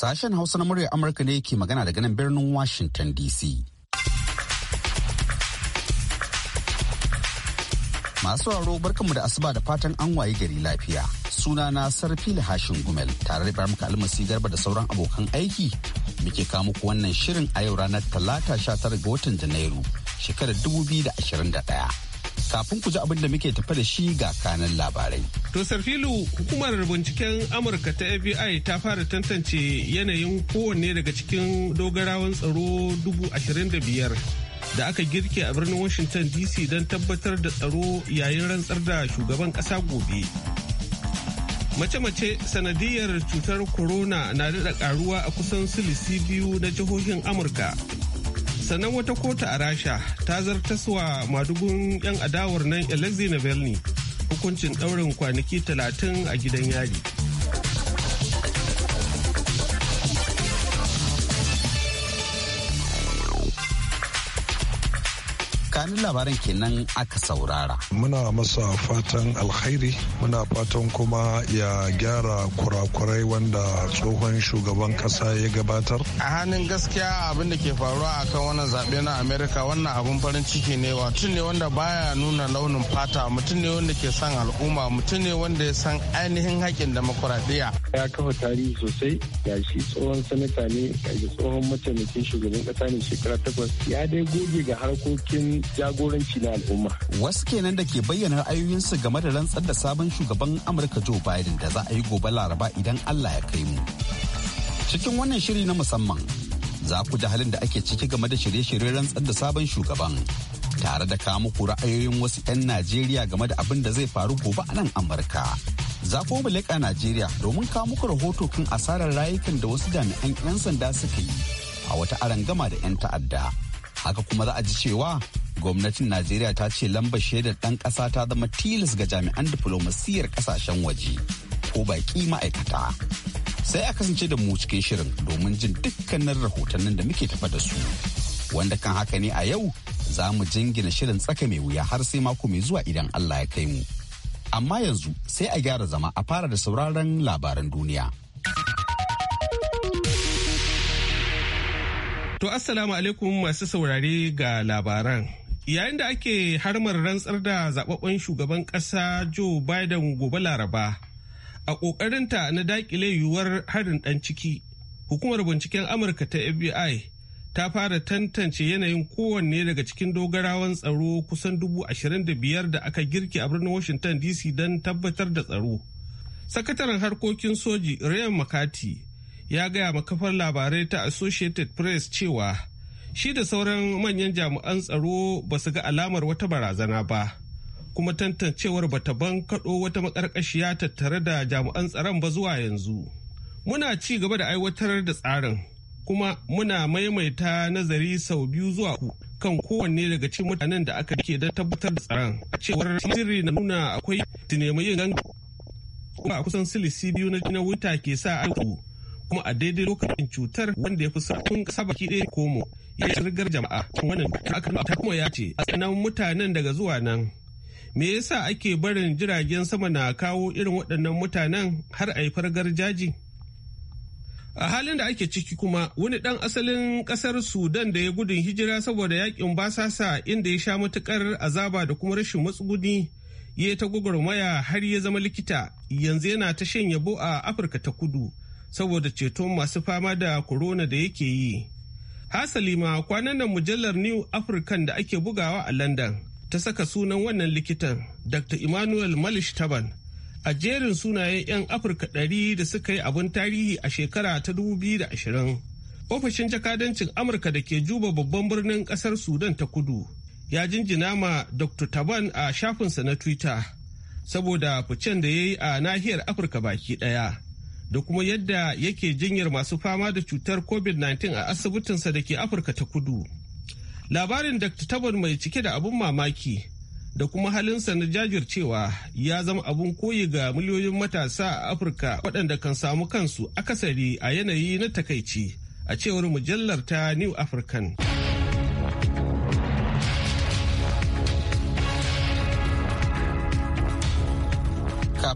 Sashen Hausa na muryar Amurka ne ke magana daga nan birnin Washington DC. Masu raro barkanmu da asuba da fatan an waye gari lafiya. Suna na sarfi Hashin Gumel tare da Ibrahim Almasi Garba da sauran abokan aiki muke kawo muku wannan shirin a yau ranar Talata 19 ga watan Janairu shekarar 2021. kafin ku ji abin da muke tafa da shi ga kanan labarai. To Sarfilu hukumar binciken Amurka ta FBI ta fara tantance yanayin kowanne daga cikin dogarawan tsaro dubu ashirin da biyar da aka girke a birnin Washington DC don tabbatar da tsaro yayin rantsar da shugaban ƙasa gobe. Mace-mace sanadiyar cutar corona na daɗa ƙaruwa a kusan silisi biyu na jihohin Amurka sannan wata kota a rasha ta zartaswa madugun 'yan adawar nan alexei navalny hukuncin daurin kwanaki 30 a gidan yari kanin labaran kenan aka saurara. Muna masa fatan alkhairi, muna fatan kuma ya gyara kurakurai wanda tsohon shugaban kasa ya gabatar. A hannun gaskiya abin da ke faruwa a kan wannan zaɓe na Amerika wannan abin farin ciki ne wa mutum ne wanda baya nuna launin fata mutum ne wanda ke son al'umma mutum ne wanda ya san ainihin haƙƙin demokuraɗiyya. Ya kafa tarihi sosai ga shi tsohon sanata ne ga tsohon mataimakin shugaban ƙasa ne shekara takwas ya dai goge ga harkokin jagoranci na al'umma. Wasu kenan da ke bayyana ra'ayoyinsu game da rantsar da sabon shugaban Amurka Joe Biden da za a yi gobe Laraba idan Allah ya kai mu. Cikin wannan shiri na musamman za ku da halin da ake ciki game da shirye-shiryen rantsar da sabon shugaban tare da kawo muku ra'ayoyin wasu 'yan Najeriya game da abin da zai faru gobe a nan Amurka. Za ku leƙa Najeriya domin kawo muku rahoto kan asarar rayukan da wasu jami'an 'yan sanda suka yi a wata arangama da 'yan ta'adda. Haka kuma za a ji cewa gwamnatin najeriya ta ce lambar shaidar ɗan ƙasa ta zama tilas ga jami'an diflomasiyyar ƙasashen waje ko baƙi ma'aikata sai a kasance da mu cikin shirin domin jin dukkanin rahotannin da muke tafa da su wanda kan haka ne a yau za mu jingina shirin tsaka mai wuya har sai mako mai zuwa idan allah ya kai mu amma yanzu sai a gyara zama a fara da sauraron labaran duniya To assalamu alaikum masu saurare ga labaran. yayin da ake harmar rantsar da zababben shugaban ƙasa joe biden gobe laraba a ƙoƙarinta na daƙile yiwuwar harin ɗan ciki hukumar binciken amurka ta fbi ta fara tantance yanayin kowanne daga cikin dogarawan tsaro kusan dubu ashirin da biyar da aka girki a birnin washington dc don tabbatar da tsaro sakataren harkokin soji ryan makati ya gaya makafar labarai ta associated press cewa shi da sauran manyan jami'an tsaro ba su ga alamar wata barazana ba kuma tantancewar bata ban kaɗo wata makarkashiya tattare da jami'an tsaron ba zuwa yanzu muna ci gaba da aiwatar da tsarin kuma muna maimaita nazari sau biyu zuwa kan kowanne daga cikin mutanen da aka ke don tabbatar da tsaron a cewar sirri na nuna akwai tunemayin ganga kuma a kusan silisi biyu na wuta ke sa aiku kuma a daidai lokacin cutar wanda ya fi sa'un kasa baki ɗaya komo ya shirgar jama'a wannan aka ta kuma ya ce a tsanan mutanen daga zuwa nan me yasa ake barin jiragen sama na kawo irin waɗannan mutanen har a yi fargar jaji a halin da ake ciki kuma wani ɗan asalin ƙasar sudan da ya gudun hijira saboda yakin basasa inda ya sha matuƙar azaba da kuma rashin matsuguni ya ta gwagwarmaya har ya zama likita yanzu yana ta shan yabo a afirka ta kudu saboda ceto masu fama da corona da yake yi. Hasali ma kwanan nan mujallar New African da ake bugawa a London ta saka sunan wannan likitan Dr. Emmanuel Malish Taban a jerin sunayen 'yan Afirka ɗari da suka yi abin tarihi a shekara ta 2020. Ofishin jakadancin Amurka da ke juba babban birnin ƙasar Sudan ta kudu ya jinjina ma Dr. Taban a shafinsa na Twitter saboda ficen da ya yi a nahiyar Afirka baki ɗaya. da kuma yadda yake jinyar masu fama da cutar covid-19 a asibitinsa da ke afirka ta kudu labarin dr tabon mai cike da abun mamaki da kuma halinsa na jajircewa ya zama abun koyi ga miliyoyin matasa a afirka waɗanda kan samu kansu akasari a yanayi na takaici a cewar mujallar ta new african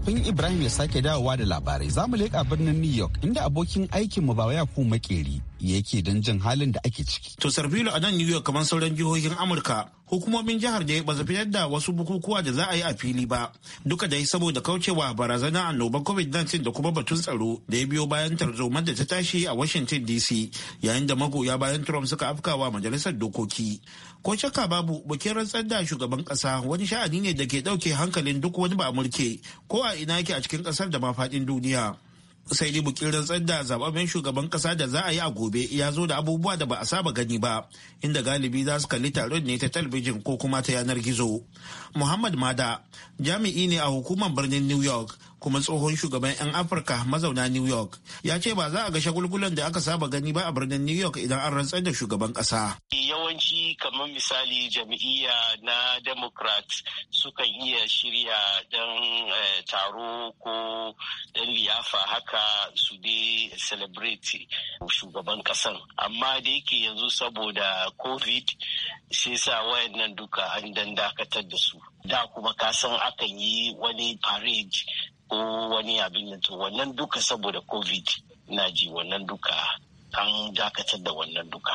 Kafin Ibrahim ya sake dawowa da labarai za mu leƙa birnin New York inda abokin aikinmu ya ku Makeri yake don jin halin da ake ciki. To Sarfilo a nan New York kamar sauran jihohin Amurka hukumomin jihar da ba su fitar da wasu bukukuwa da za a yi a fili ba duka dai saboda kaucewa barazana annobar covid-19 da kuma batun tsaro da ya biyo bayan tarzomar da ta tashi a washington dc yayin da magoya bayan trump suka afkawa majalisar dokoki ko shakka babu bukin rantsar da shugaban kasa wani sha'ani ne da ke dauke hankalin duk wani ba mulke ko a ina yake a cikin kasar da ma faɗin duniya sai dai bukin rantsar da zababen shugaban kasa da za a yi a gobe ya zo da abubuwa da ba a saba gani ba inda galibi za su kalli taron ne ta talbijin ko kuma ta yanar gizo muhammad mada jami'i ne a hukumar birnin new york kuma tsohon shugaban 'yan afirka mazauna new york ya ce ba za a ga shagulgulan da aka saba gani ba a birnin new york idan an rantsar da shugaban kasa yawanci kamar misali jam'iyya na democrat sukan iya shirya dan eh, taro ko dan liyafa haka su dai celebrate shugaban kasan amma da yake yanzu saboda covid sai sa wayannan duka an dan dakatar da su da kuma kasan akan yi wani parade ko wani abin da wannan duka saboda covid na ji wannan duka an dakatar da wannan duka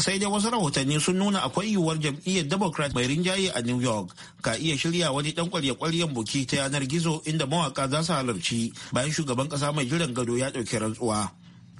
sai dai wasu rahotanni sun nuna akwai yiwuwar jam'iyyar democrat mai rinjaye a new york ka iya shirya wani dan kwarya kwaryan buki ta yanar gizo inda mawaka za su halarci bayan shugaban kasa mai jiran gado ya ɗauki rantsuwa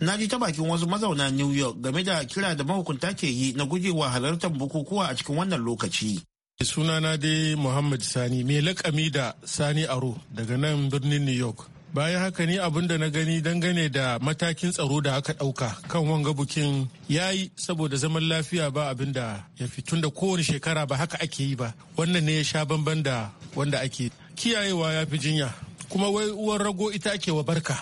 na ji ta bakin wasu mazauna new york game da kira da mahukunta ke yi na gujewa halartar bukukuwa a cikin wannan lokaci sunana dai muhammad sani mai lakami da sani aro daga nan birnin new york bayan haka ni abin da na gani dangane da matakin tsaro da aka ɗauka kan wanga bukin ya yi saboda zaman lafiya ba abin da ya fi tun da kowane shekara ba haka ake yi ba wannan ne ya sha bamban da wanda ake kiyayewa ya fi jinya kuma wai uwar rago ita ake wa barka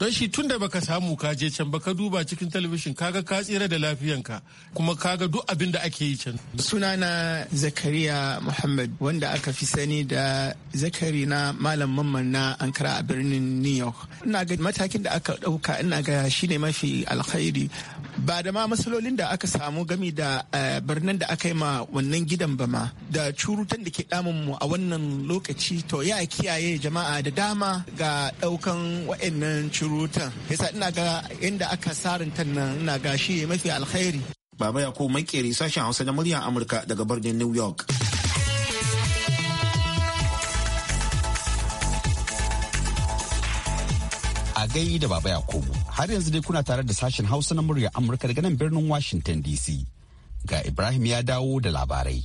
don shi tun da baka samu ka je can baka duba cikin talabishin kaga ka tsira da lafiyanka kuma kaga duk abin da ake yi can sunana zakariya muhammad wanda aka fi sani da zakari na malam mamman na ankara a birnin new york ina ga matakin da aka dauka ina ga shine mafi alkhairi ba da ma matsalolin da aka samu gami da eh, birnin da aka yi ma wannan gidan ba ma. da curutan da ke damun mu a wannan lokaci to ya kiyaye jama'a da dama ga daukan wa'annan curutan surutan yasa ina ga inda aka sarinta nan ina ga shi mafi alkhairi baba yakubu makeri sashen hausa na muryar amurka daga birnin new york a gai da baba yakubu har yanzu dai kuna tare da sashen hausa na murya amurka daga nan birnin washington dc ga ibrahim ya dawo da labarai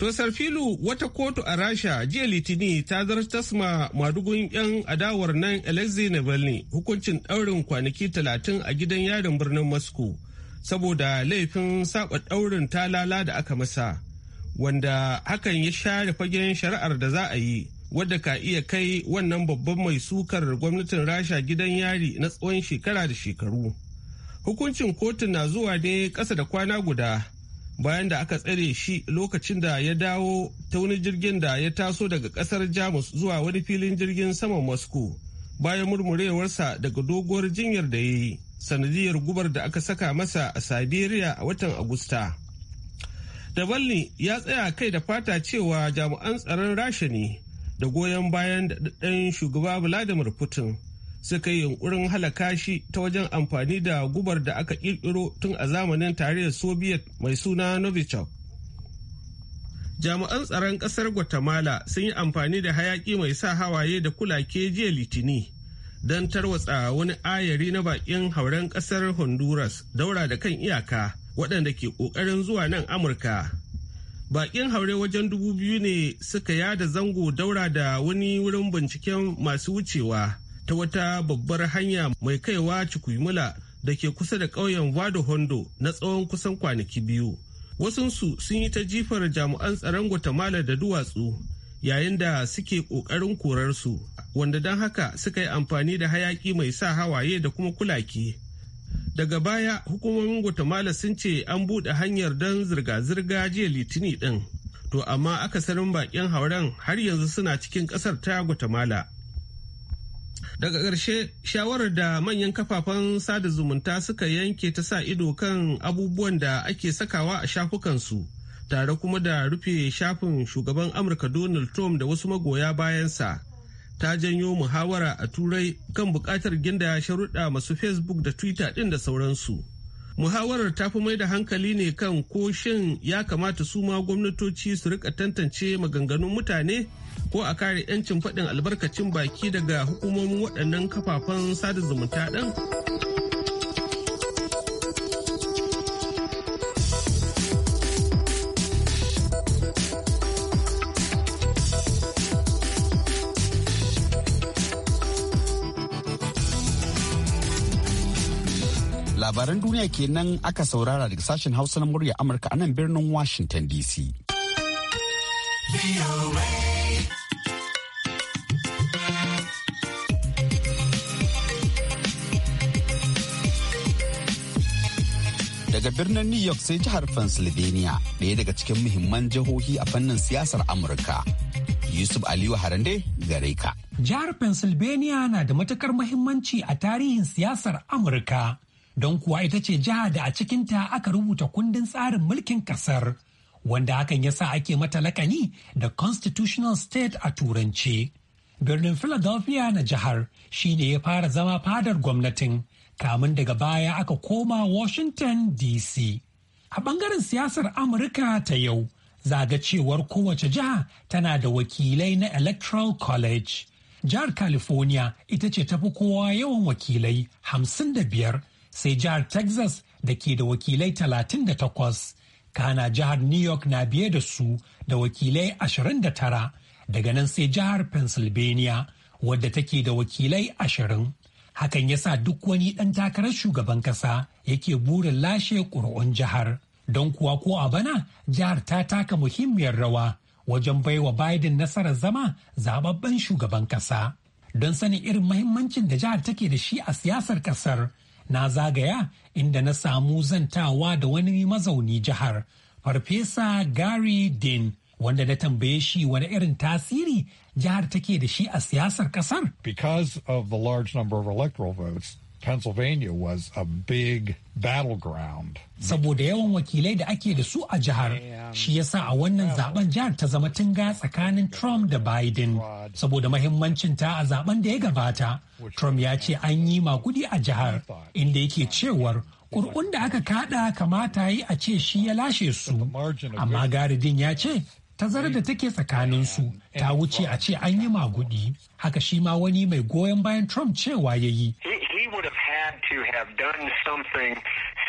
To Sarfilu wata kotu a Rasha jiya Litini ta zartasma madugun 'yan adawar nan Alexei Navalny hukuncin ɗaurin kwanaki talatin a gidan yarin birnin Moscow saboda laifin saba ɗaurin talala da aka masa wanda hakan ya share fagen shari'ar da za a yi wadda ka iya kai wannan babban mai sukar gwamnatin Rasha gidan yari na tsawon shekara da shekaru. Hukuncin kotu na zuwa ne ƙasa da kwana guda. bayan da aka tsare shi lokacin da ya dawo ta wani jirgin da ya taso daga kasar jamus zuwa wani filin jirgin saman moscow bayan murmurewarsa daga doguwar jinyar da ya yi sanadiyar gubar da aka saka masa a siberia a watan agusta davalny ya tsaya kai da fata cewa jami'an tsaron rasha ne da goyon bayan daɗaɗɗen shugaba vladimir putin suka yi yunkurin halaka shi ta wajen amfani da gubar da aka kirkiro tun a zamanin tarayyar soviet mai suna novichok jami'an tsaron kasar guatemala sun yi amfani da hayaki mai sa hawaye da kulake jiya litini don tarwatsa wani ayari na bakin hauren kasar honduras daura da kan iyaka waɗanda ke ƙoƙarin zuwa nan amurka bakin haure wajen dubu biyu ne suka yada zango daura da wani wurin binciken masu wucewa ta wata babbar hanya mai kaiwa cikuimula da ke kusa da ƙauyen Wado Hondo na tsawon kusan kwanaki biyu. Wasunsu sun yi ta jifar jami'an tsaron Guatemala da duwatsu yayin da suke ƙoƙarin korarsu, wanda don haka suka yi amfani da hayaƙi mai sa hawaye da kuma kulaki. Daga baya hukumomin Guatemala sun ce an buɗe hanyar don zirga-zirga jiya litini ɗin. To amma akasarin baƙin hauren har yanzu suna cikin ƙasar ta Guatemala. daga ƙarshe shawarar da manyan kafafen sada zumunta suka yanke ta sa ido kan abubuwan da ake sakawa a shafukansu tare kuma da rufe shafin shugaban amurka donald trump da wasu magoya bayansa ta janyo muhawara a turai kan buƙatar ginda sharuɗa masu facebook da twitter ɗin da sauransu muhawarar ta fi mai da hankali ne kan ko shin ya kamata su ma gwamnatoci su rika tantance maganganun mutane ko a kare 'yancin faɗin albarkacin baki daga hukumomin waɗannan kafafen sada zumunta ɗin. labaran duniya kenan aka saurara daga sashen hausa na murya amurka a nan birnin washington dc daga birnin new york sai jihar pennsylvania ɗaya daga cikin muhimman jihohi a fannin siyasar amurka yusuf aliyu harande gare ka jihar pennsylvania na da matukar muhimmanci a tarihin siyasar amurka don kuwa ita ce jiha da a cikinta aka rubuta kundin tsarin mulkin kasar wanda hakan ya sa ake mata lakani da constitutional state a turance birnin philadelphia na jihar shine ya fara zama fadar gwamnatin kamun daga baya aka koma washington dc a bangaren siyasar amurka ta yau zaga cewar kowace jiha tana da wakilai na electoral college jihar california ita ce tafi kowa yawan wakilai 55 sai jihar Texas da ke da wakilai 38, kana jihar New York na biye da su da wakilai 29, daga nan sai jihar Pennsylvania wadda take da wakilai 20. Hakan ya sa duk wani ɗan takarar shugaban ƙasa yake burin lashe ƙuri'un jihar. Don kuwa ko a bana jihar ta taka muhimmiyar rawa wajen baiwa Biden nasarar zama zababben shugaban ƙasa. Don sanin irin mahimmancin da jihar take da shi a siyasar ƙasar. na zagaya inda na samu zantawa da wani mazauni jihar farfesa gary din wanda na tambaye shi wani irin tasiri jihar take da shi a siyasar kasar because of the large number of electoral votes Pennsylvania was a big battleground. Saboda yawan wakilai da ake da su a jihar, shi yasa a wannan zaben jihar ta zama tinga tsakanin Trump da Biden. Saboda mahimmancin ta a zaben da ya gabata, Trump ya ce an yi makudi a jihar, inda yake cewar kurkun da aka kada kamata yi a ce shi ya lashe su. Amma garidin ya ce tazarar da take tsakaninsu ta wuce a ce an yi magudi haka shi ma wani mai goyon bayan trump cewa ya yi had to have done something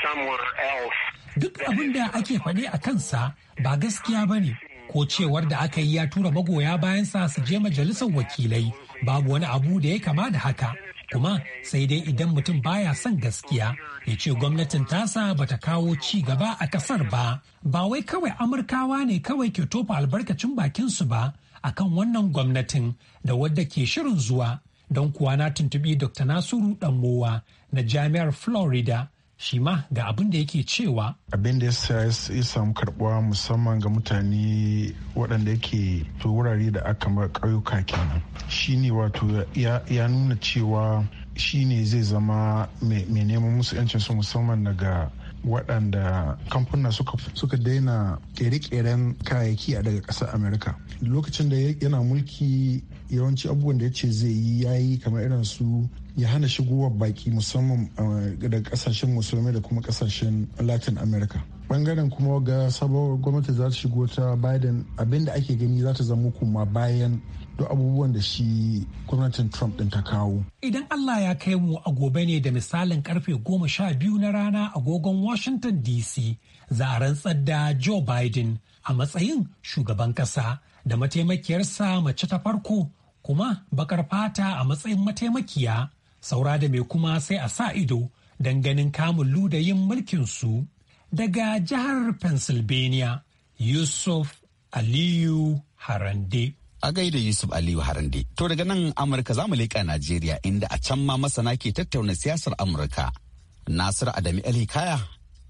somewhere else. Duk abin da ake faɗi a kansa ba gaskiya ba ne, ko cewar da aka yi ya tura magoya bayan sa su je majalisar wakilai babu wani abu da ya kama da haka. Kuma sai dai idan mutum baya son gaskiya ya ce gwamnatin tasa bata kawo ci gaba a kasar ba, ba wai kawai Amurkawa ne kawai ke tofa albarkacin bakinsu ba akan wannan gwamnatin da wadda ke shirin zuwa. don kuwa na tuntubi Dr. Nasiru Danmowa na Jami'ar Florida shi ma ga abin da yake cewa. Abin da ya samu karbuwa musamman ga mutane waɗanda yake to wurare da aka ƙauyuka kenan. Shi ne wato ya nuna cewa shi ne zai zama mai neman musu 'yancin su musamman daga waɗanda kamfuna suka daina ƙere-ƙeren kayayyaki a daga ƙasar amerika lokacin da yana mulki yawanci abubuwan da ya ce zai yi ya yi kamar irin su ya hana shigowar baki musamman eh, daga ƙasashen musulmi da kuma ƙasashen latin america bangaren kuma ga sabuwar gwamnati za ta shigo ta biden abinda ake gani za ta zama kuma bayan duk abubuwan da shi gwamnatin trump din ta kawo idan allah ya kai mu a gobe ne da misalin karfe goma sha biyu na rana agogon washington dc za a rantsar da joe biden a matsayin shugaban kasa da mataimakiyarsa mace ta farko kuma bakar fata a matsayin mataimakiya saura da mai kuma sai a sa ido don ganin kamun ludayin mulkinsu. daga jihar Pennsylvania, Yusuf Aliyu Harande. A gaida Yusuf Aliyu Harande. To daga nan Amurka za mu leƙa Najeriya inda a can ma masana ke tattauna siyasar Amurka. Nasir Adami Alhikaya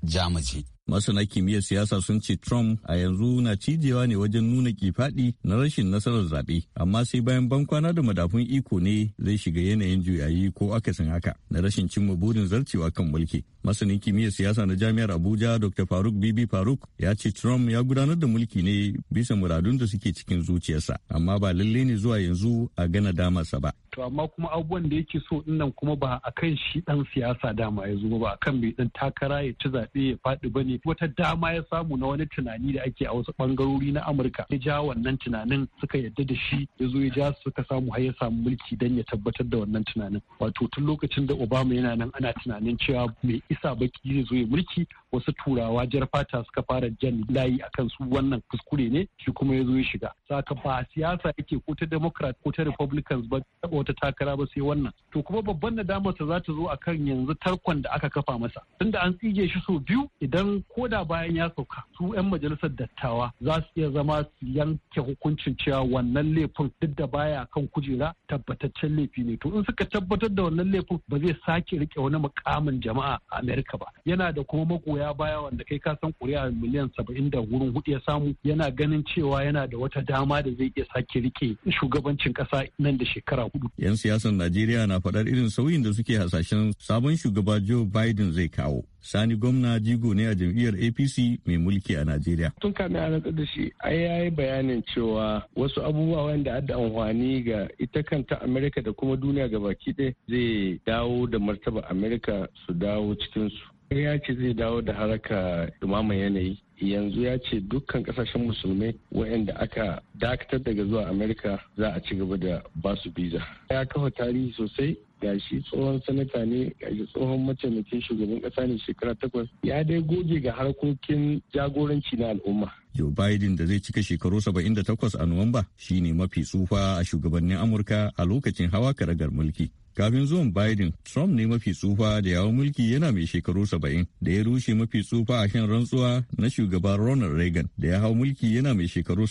Jamuji. Masana kimiyyar siyasa sun ce Trump a yanzu na cijewa ne wajen nuna kifaɗi na rashin nasarar zaɓe, amma sai bayan bankwana da madafun iko ne zai shiga yanayin juyayi ko akasin haka na rashin cimma burin zarcewa kan mulki. Masanin kimiyyar siyasa na Jami'ar Abuja Dr. Faruk Bibi Faruk ya ce Trump ya gudanar da mulki ne bisa muradun da suke cikin zuciyarsa, amma ba lallai ne zuwa yanzu a gana damarsa ba. To amma kuma abubuwan da yake so dinnan kuma ba a kan shi dan siyasa dama ya zo ba a kan mai dan takara ya ci zaɓe ya faɗi bane ne wata dama ya samu na wani tunani da ake a wasu bangarori na amurka ya ja wannan tunanin suka yadda da shi ya zo ya ja suka samu har ya samu mulki don ya tabbatar da wannan tunanin wato tun lokacin da obama yana nan ana tunanin cewa mai isa baki zai zo ya mulki wasu turawa jar fata suka fara jan layi akan su wannan kuskure ne shi kuma ya zo ya shiga saka ba siyasa yake ko ta democrat ko ta republicans ba wata takara ba sai wannan to kuma babban nadamarsa za ta zo akan yanzu tarkon da aka kafa masa tunda an tsige shi so biyu idan ko da bayan ya sauka su 'yan majalisar dattawa za su iya zama su yanke hukuncin cewa wannan laifin duk da baya kan kujera tabbataccen laifi ne to in suka tabbatar da wannan laifin ba zai sake rike wani mukamin jama'a a Amerika ba yana da kuma magoya baya wanda kai ka san kuri'a miliyan saba'in da wurin hudu ya samu yana ganin cewa yana da wata dama da zai iya sake rike shugabancin kasa nan da shekara hudu. 'Yan siyasan Najeriya na faɗar irin sauyin da suke hasashen sabon shugaba Joe Biden zai kawo. Sani gwamna jigo ne a jam'iyyar apc mai mulki a najeriya tun kamin a rantsar da shi a ya yi bayanin cewa wasu abubuwa wanda adda amfani ga ita kanta amerika da kuma duniya ga baki zai dawo da martaba amerika su dawo cikinsu ya ce zai dawo da haraka dumaman yanayi yanzu ya ce dukkan kasashen musulmai waɗanda aka dakatar daga zuwa amerika za a ci gaba da basu biza ya kafa tarihi sosai ga shi tsohon sanata ne ga shi tsohon mataimakin shugaban kasa ne shekara takwas ya dai goge ga harkokin jagoranci na al'umma Joe Biden da zai cika shekaru 78 a Nuwamba ne mafi tsufa a shugabannin Amurka a lokacin hawa karagar mulki. Kafin zuwan Biden, Trump ne mafi tsufa da yawon mulki yana mai shekaru saba'in da ya rushe mafi tsufa a shan rantsuwa na shugaba Ronald Reagan da ya hau mulki yana mai shekaru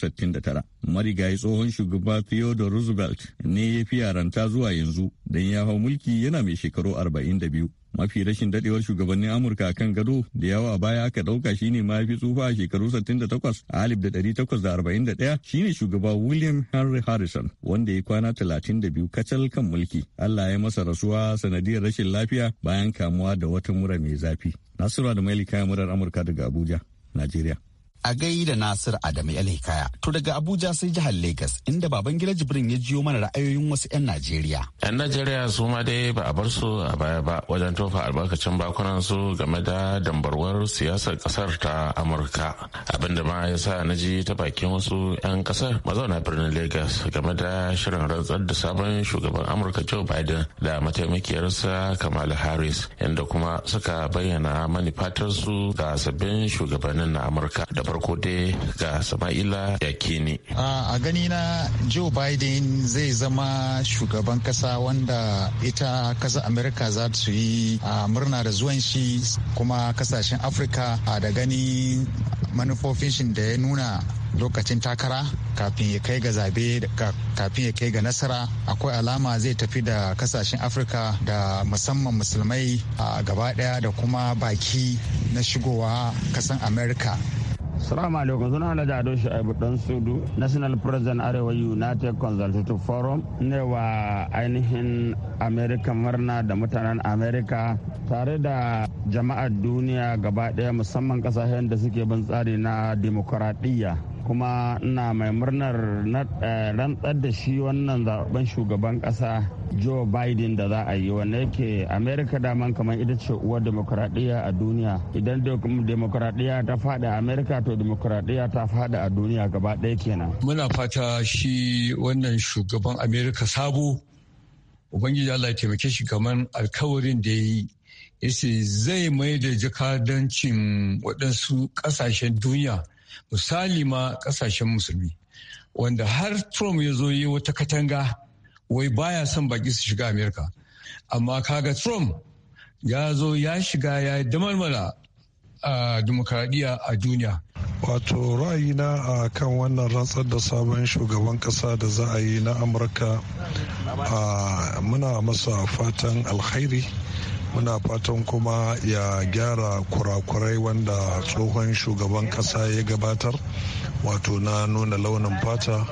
tara Marigayi tsohon shugaba Theodore Roosevelt ne ya fi yaranta zuwa yanzu don ya hau mulki yana mai shekaru 42 mafi rashin dadewar shugabannin amurka a kan gado da yawa baya aka dauka shine mafi tsufa a shekaru 68 a 1841 shine shugaba william henry harrison wanda ya kwana 32 kacal kan mulki allah ya masa rasuwa sanadiyar rashin lafiya bayan kamuwa da wata mura mai zafi nasura da mailika murar amurka daga abuja najeriya a gai da Nasir Adamu Hikaya. To daga Abuja sai jihar Legas inda baban gida Jibrin ya jiyo mana ra'ayoyin wasu 'yan Najeriya. 'Yan Najeriya su ma dai ba a bar su a baya ba wajen tofa albarkacin bakunan su game da dambarwar siyasar kasar ta Amurka. Abin da ma ya sa na ji ta bakin wasu 'yan kasar mazauna birnin Legas game da shirin rantsar da sabon shugaban Amurka Joe Biden da mataimakiyarsa Kamala Harris inda kuma suka bayyana su ga sabbin shugabannin na Amurka farko dai ga sama'ila yakini a gani na joe biden zai zama shugaban kasa wanda ita kasa america za su yi murna da zuwan shi kuma kasashen afirka a da gani manufofin shi da ya nuna lokacin takara kafin ya kai ga zabe kafin ya kai ga nasara akwai alama zai tafi da kasashen afirka da musamman musulmai a gaba daya da kuma baki na shigowa kasan amerika Salamu alaikum suna da Ado Shu'aibu Dan Sudu National President Arewa United Consultative Forum ne wa ainihin amerika murna da mutanen America tare da jama'ar duniya gaba ɗaya musamman kasashen da suke bin tsari na dimokuraɗiyya. kuma na mai murnar eh, rantsar da shi wannan zaben shugaban kasa joe biden da za a yi wanda yake amerika daman kamar ita ce uwar demokuraɗiyya a duniya idan demokuraɗiyya ta faɗi a amerika to demokuraɗiyya ta faɗi a duniya gaba ɗaya kenan muna fata shi wannan shugaban amerika sabo ubangiji allah ya taimake shi kamar alkawarin da ya yi yace zai mai da jakadancin waɗansu ƙasashen duniya misali ma kasashen musulmi wanda har trump ya zo yi wata katanga wai baya son baki su shiga amerika amma kaga trump ya zo ya shiga ya yi damalmala a demokradiyya a duniya wato ra'ayina a kan wannan rantsar da sabon shugaban kasa da za a yi na amurka muna masa fatan alkhairi muna fatan kuma ya gyara kurakurai wanda tsohon shugaban kasa ya gabatar wato na nuna launin fata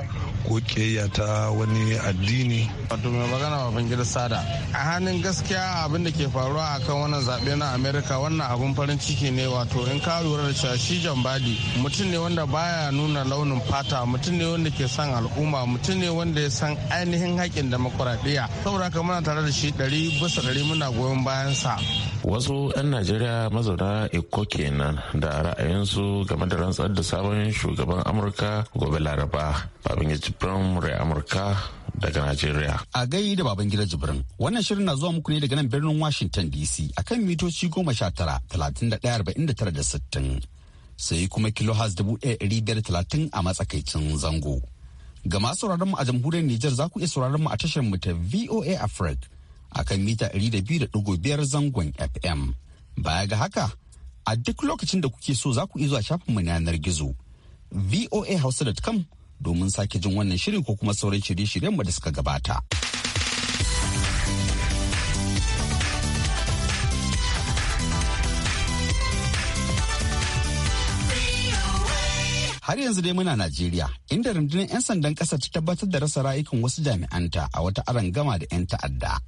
ko kiyayya ta wani addini. Wato mai magana wa gida sada. A hannun gaskiya abin da ke faruwa a kan wannan zaɓe na Amerika wannan abin farin ciki ne wato in ka lura da cewa shi John Badi mutum ne wanda baya nuna launin fata mutum ne wanda ke son al'umma mutum ne wanda ya san ainihin haƙƙin demokuraɗiyya. Saboda haka muna tare da shi ɗari bisa ɗari muna goyon bayansa. wasu 'yan najeriya mazauna eko kenan da ra'ayinsu game da rantsar da sabon shugaban amurka gobe laraba babin jibrin rai amurka daga najeriya a gai da baban gida jibrin wannan shirin na zuwa muku ne daga nan birnin washington dc a kan mitoci goma sha tara talatin da ɗaya arba'in da tara da sittin sai kuma kilohas dubu ɗaya ɗari biyar talatin a matsakaicin zango ga masu sauraron mu a jamhuriyar nijar za ku iya sauraron mu a tashar mu ta voa africa a kan mita 200.5 zangon FM. Baya ga haka, a duk lokacin da kuke so za ku izo shafin shafinmu na yanar gizo. voahausa.com domin sake jin wannan shirin ko kuma sauran shirye-shiryenmu da suka gabata. har yanzu dai muna Najeriya inda rundunar 'yan sandan ƙasa ta tabbatar da rasa rayukan wasu jami'anta a wata arangama da 'yan ta'adda.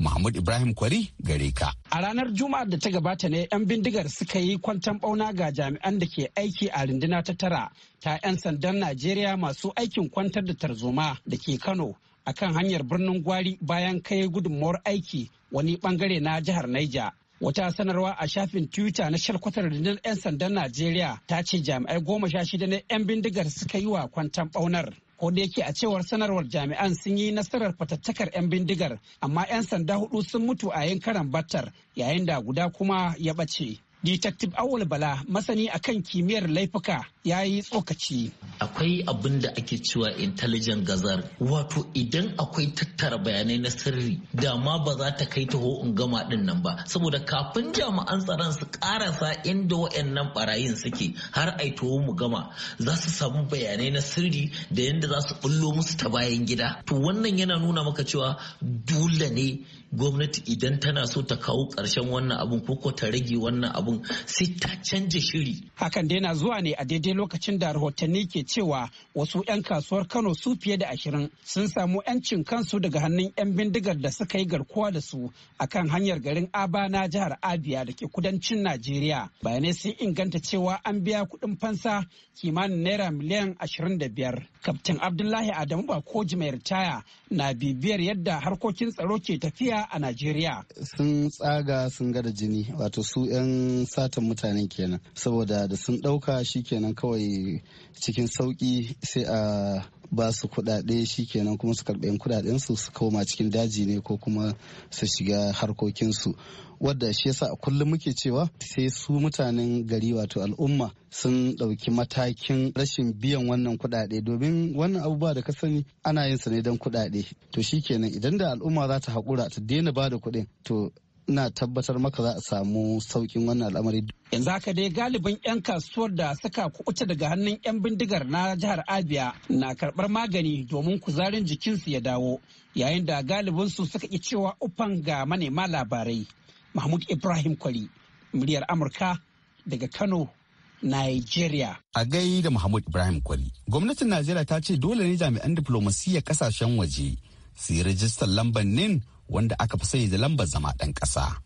Mahmud Ibrahim Kwari gare ka. A ranar Juma'a da ta gabata ne 'yan bindigar suka yi kwantan bauna ga jami'an da ke aiki a runduna ta tara ta 'yan sandan Najeriya masu aikin kwantar da tarzoma da ke Kano a kan hanyar birnin Gwari bayan kai gudunmawar aiki wani bangare na jihar Naija. Wata sanarwa a shafin Twitter na shalkwatar rundunar 'yan sandan Najeriya ta ce jami'ai goma sha shida na 'yan bindigar suka yi wa kwantan ɓaunar. ko da yake a cewar sanarwar jami'an sun yi nasarar fatattakar 'yan bindigar amma 'yan sanda hudu sun mutu a yankaran battar yayin da guda kuma ya ɓace. Detective Awul Bala masani akan kimiyyar laifuka ya yi tsokaci. Akwai abin da ake cewa intelligent gazar wato idan akwai tattara bayanai na sirri dama ba za ta kai taho in gama din nan ba saboda kafin jami'an tsaron su karasa inda wayannan barayin suke har ai taho mu gama za su samu bayanai na sirri da yadda za su bullo musu ta bayan gida to wannan yana nuna maka cewa dole ne gwamnati idan tana so ta kawo ƙarshen wannan abun ko ta rage wannan abun sai ta canja shiri. Hakan dai na zuwa ne a daidai lokacin da rahotanni ke cewa wasu 'yan kasuwar Kano su fiye da ashirin sun samu 'yancin kansu daga hannun 'yan bindigar da suka yi garkuwa da su akan hanyar garin Aba na jihar Abia da ke kudancin Najeriya. Bayanai sun inganta cewa an biya kuɗin fansa kimanin naira miliyan ashirin da biyar. Kaftin Abdullahi Adamu ba ko Jimayar Ritaya na bibiyar yadda harkokin tsaro ke tafiya a Najeriya. Sun tsaga sun gada jini wato su 'yan satan mutanen kenan saboda da sun ɗauka shi kenan kawai cikin sauƙi sai a ba su kuɗaɗe shi kenan kuma su karɓi kudaden su su koma cikin daji ne ko kuma su shiga harkokinsu wadda shi yasa kullum muke cewa sai su mutanen gari wato al'umma sun ɗauki matakin rashin biyan wannan kuɗaɗe domin wannan abubuwa da ka sani ana yin sa ne don kuɗaɗe to shi kenan idan da al'umma za ta haƙura ta daina ba da kuɗin to ina tabbatar maka za a samu saukin wannan al'amari. Yanzu haka dai galibin 'yan kasuwar da suka kuɓuta daga hannun 'yan bindigar na jihar Abia na karɓar magani domin kuzarin jikinsu ya dawo yayin da galibinsu suka ƙi cewa ufan ga manema labarai. Mahmud Ibrahim Kwali, muryar Amurka daga Kano, Nigeria. A gai da Mahmud Ibrahim Kwali, gwamnatin Najeriya ta ce dole ne jami'an diflomasiyyar kasashen waje su yi rijistar lambar NIN wanda aka fi sani da lambar zama ɗan ƙasa.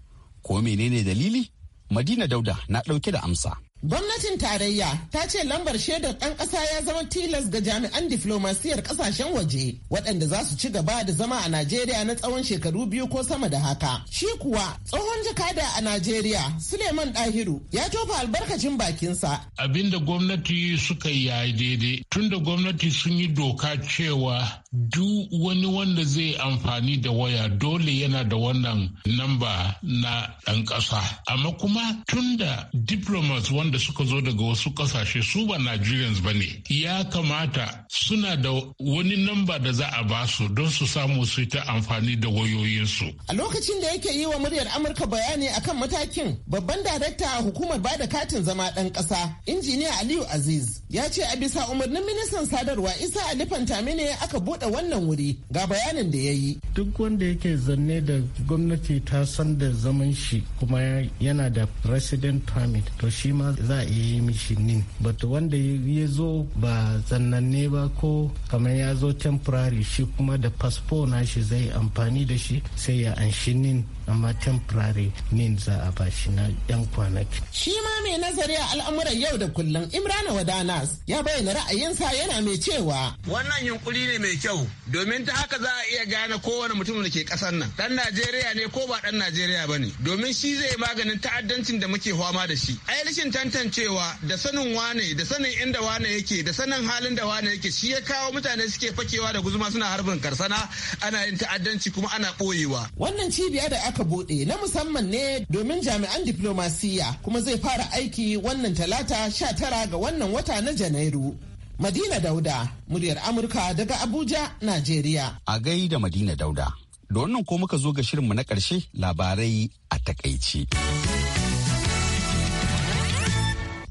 Ko menene dalili? Madina Dauda na ɗauke da amsa. Gwamnatin tarayya ta ce lambar shaidar ɗan ƙasa ya zama tilas ga jami'an diflomasiyar ƙasashen waje waɗanda za su ci gaba da zama a Najeriya na tsawon shekaru biyu ko sama da haka. Shi kuwa tsohon jakada a Najeriya Suleiman Dahiru ya tofa albarkacin bakinsa. Abinda gwamnati suka yi ya daidai tunda gwamnati sun yi doka cewa duk wani wanda zai amfani da waya dole yana da wannan namba na ɗan ƙasa. Amma kuma da diplomats wanda suka zo daga wasu ƙasashe su ba Nigerians ba ne, ya kamata suna da wani namba da za a ba su don su samu su ta amfani da wayoyinsu. A lokacin da yake yi wa muryar Amurka bayani akan matakin babban darakta a hukumar ba da katin zama ɗan ƙasa, injiniya Aliyu Aziz, ya ce a bisa umarnin ministan sadarwa Isa Ali Fantami ne aka buɗe hada wannan wuri ga bayanin da ya yi duk wanda yake zanne da gwamnati ta san da zaman shi kuma yana da resident permit to shi ma za a yi mishi nin Bata wanda ya zo ba zannanne ba ko kamar ya zo temporary shi kuma da fasfo na shi zai amfani da shi sai ya anshi nin amma temporary nin za a shi na yan kwanaki shi ma mai nazari a al'amuran yau da kullum imrana wadanas ya bayyana ra'ayinsa yana mai cewa wannan yunkuri ne mai kyau kyau domin ta haka za a iya gane kowane mutum da ke kasar nan dan Najeriya ne ko ba dan Najeriya ne domin shi zai maganin ta'addancin da muke fama da shi ai rashin tantancewa da sanin wane da sanin inda wane yake da sanin halin da wane yake shi ya kawo mutane suke fakewa da guzuma suna harbin karsana ana yin ta'addanci kuma ana ɓoyewa wannan cibiya da aka bude na musamman ne domin jami'an diplomasiya kuma zai fara aiki wannan talata 19 ga wannan wata na Janairu Madina Dauda, muryar Amurka daga Abuja, Najeriya. A gai da Madina Dauda. Da wannan ko muka zo ga shirinmu na ƙarshe labarai a takaici.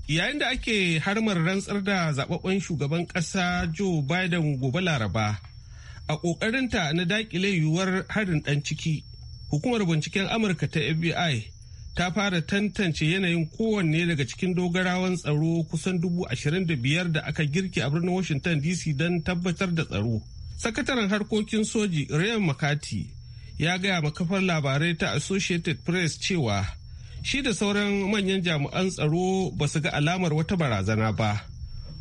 Yayin da ake harmar rantsar da zababben shugaban ƙasa Joe Biden gobe Laraba, a ƙoƙarinta na daƙile yiwuwar harin ɗan ciki, hukumar binciken Amurka ta FBI ta fara tantance yanayin kowanne daga cikin dogarawan tsaro kusan dubu ashirin da biyar da aka girki a birnin washington dc don tabbatar da tsaro sakataren harkokin soji Rayon makati ya gaya makafar labarai ta associated press cewa shi da sauran manyan jami'an tsaro ba su ga alamar wata barazana ba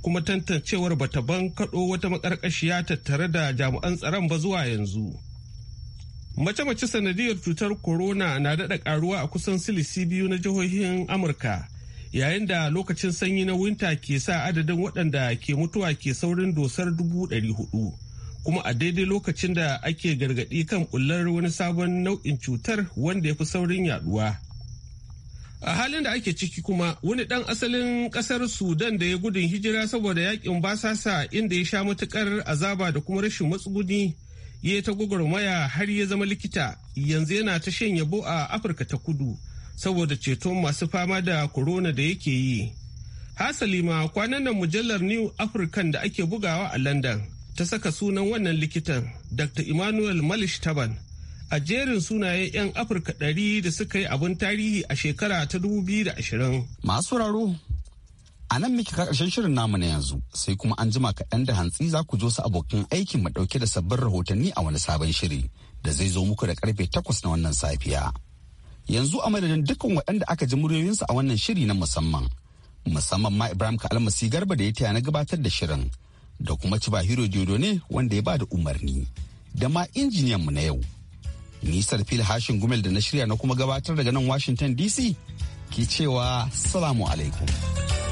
kuma tantancewar bata ban kaɗo wata maƙarƙashiya tattare da jami'an tsaron ba zuwa yanzu Mace-mace sanadiyar cutar corona na daɗa ƙaruwa a kusan silisi biyu na jihohin Amurka, yayin da lokacin sanyi na winta ke sa adadin waɗanda ke mutuwa ke saurin dosar dubu ɗari hudu. Kuma a daidai lokacin da ake gargaɗi kan ɓullar wani sabon nau'in cutar wanda ya fi saurin yaɗuwa. a halin da ake ciki kuma wani ɗan asalin ƙasar sudan da ya gudun hijira saboda yakin basasa inda ya sha matukar azaba da kuma rashin matsuguni ya ta gwagwarmaya har ya zama likita yanzu yana ta shan yabo a afirka ta kudu saboda ceto masu fama da corona da yake yi hasali ma kwanan nan mujallar new african da ake bugawa a london ta saka sunan wannan likitan dr emmanuel malish taban a jerin sunaye 'yan afirka 100 da suka yi abin tarihi a shekara ta 2020 masu raro A nan muke ka ƙarshen shirin namu na yanzu sai kuma an jima kaɗan da hantsi za ku zo su abokan aikin mu ɗauke da sabbin rahotanni a wani sabon shiri da zai zo muku da karfe takwas na wannan safiya. Yanzu a madadin dukkan waɗanda aka ji muryoyinsu a wannan shiri na musamman. Musamman ma Ibrahim Kalmasi Garba da ya taya na gabatar da shirin da kuma Cibahiro Diodo ne wanda ya ba da umarni da ma injiniyan mu na yau. Nisar fil hashin gumel da na shirya na kuma gabatar daga nan Washington DC ki cewa salamu alaikum.